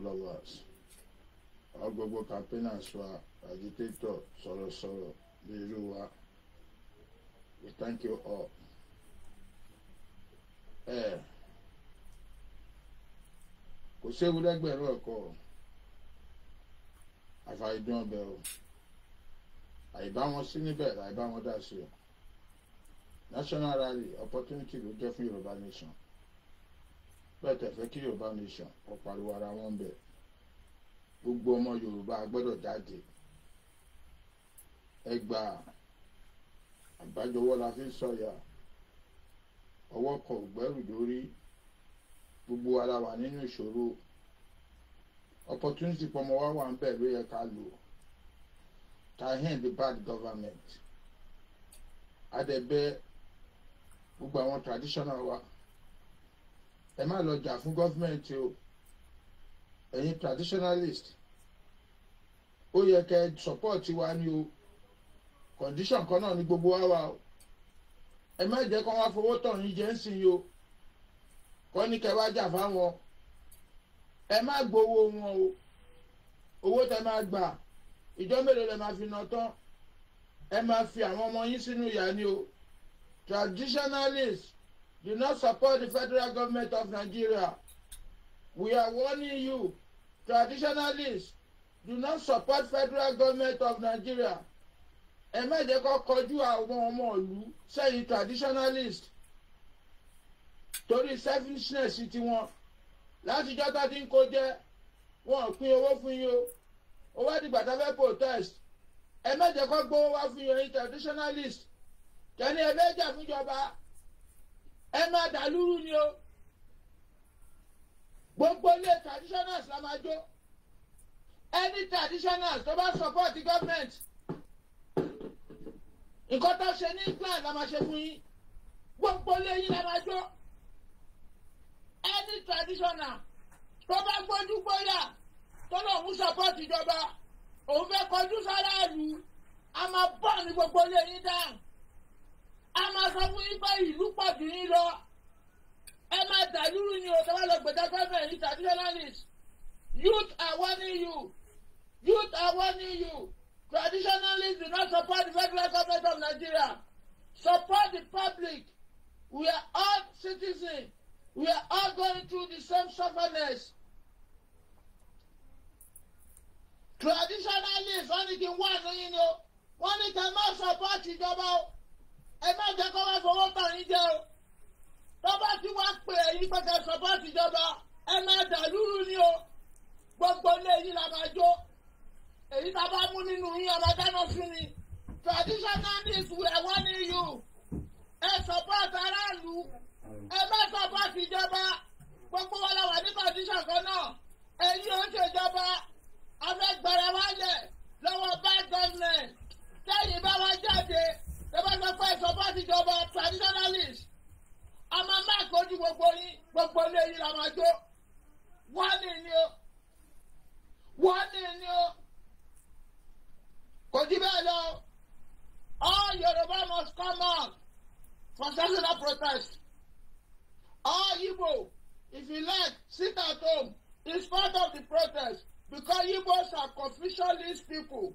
gbogbo lọ́wọ́ àṣì àwọn gbogbo campaigners wa agitator sọ̀rọ̀sọ̀rọ̀ bí irú wa we thank you all. kò séwu lẹ́gbẹ̀rún ẹ̀kọ́ àfàìdún ọbẹ̀ o àìbá wọn sí níbẹ̀ àìbá wọn dá sí o national rally opportunity ló jẹ́ fún Yorùbá nation bẹ́ẹ̀ tẹ̀fẹ́ kí yorùbá nation ọ̀pàlùwà ara wọn bẹ̀ gbogbo ọmọ yorùbá gbọ́dọ̀ jáde ẹgbà àgbájọwọ́ la fi ń sọ̀yà ọwọ́ kan gbẹ́rù lórí gbogbo ara wà nínú ìṣòro opportunity pọmọ wa wà ń bẹ̀ ló yẹ ká lò ta hand the bad government adẹ̀bẹ̀ gbogbo àwọn traditional wa ẹ má lọ jà fún gọ́fìmẹ̀ntì o ẹ̀yin traditionalist ó yẹ kẹ́ support wa ni o condition kan náà ni gbogbo wa wà o ẹ má jẹ́ kó wá fowó tọ̀ yín jẹ́ ń sìn yìí o kọ́ ní kẹ́ wá jà fáwọn ẹ má gbowó wọn o owó tẹ máa gbà ìjọ mélòó lẹ máa fi ná tán ẹ máa fi àwọn ọmọ yín sínú ìyà ni o traditionalist do not support the federal government of Nigeria. We are warning you, traditionalists, do not support federal government of Nigeria. Ẹ má jẹ́ àwọn ọmọ ìlú sẹ́yìn traditionalist torí selfishness tiwọn látijọ́ tá ti ń kó jẹ́ wọn pín owó fún yín o ó wá dìgbà tá fẹ́ protest ẹ má jẹ́ kó gbówó wá fún yín traditionalist kẹ́ni ẹ fẹ́ jà fúnjọba ẹ máa dàlúrú ni o gbogbo ilé traditionals la máa jó any traditionals tó bá support the government nǹkan tó ṣe ní England la máa ṣe fún yín gbogbo ilé yín la máa jó any traditional tó bá gbójú gbóyà tó lòun support ìjọba òun fẹ́ kọjú sára ìlú a máa bọ̀ ní gbogbo ilé yín dáhùn sọ fún yín ìlú pọ̀ yín lọ ẹ máa dàlúrú ni o tọ́wọ́ lọ gbẹ̀dá gọ́ọ̀mẹ̀ yìí tàbí youth are warning you youth are warning you traditionalists do not support the federal government of Nigeria support the public we are all citizens we are all going through the same sufferness traditionalists wọ́n ní kí n wá àtúnyìn ni o wọ́n ní kí n má support ìjọba o ẹ má jẹ́ kó wá fowó bà yín jẹ́ o tó bá ti wá pè é yín pé ká support ìjọba ẹ má dà lúrú ni o gbogbo ilé yìí la máa jó èyí tá bá mú nínú yín ọmọ dáná fún ni traditionalist we are warning you ẹ support aráàlú ẹ má support ìjọba. gbogbo ilé yìí la máa jó wọ́n ní ni o wọ́n ní ni o kò jí bẹ́ẹ̀ lọ all Yorùbá must come out for national protest all Igbo if you like sit at home it's part of the protest because Igbos are confucianist people.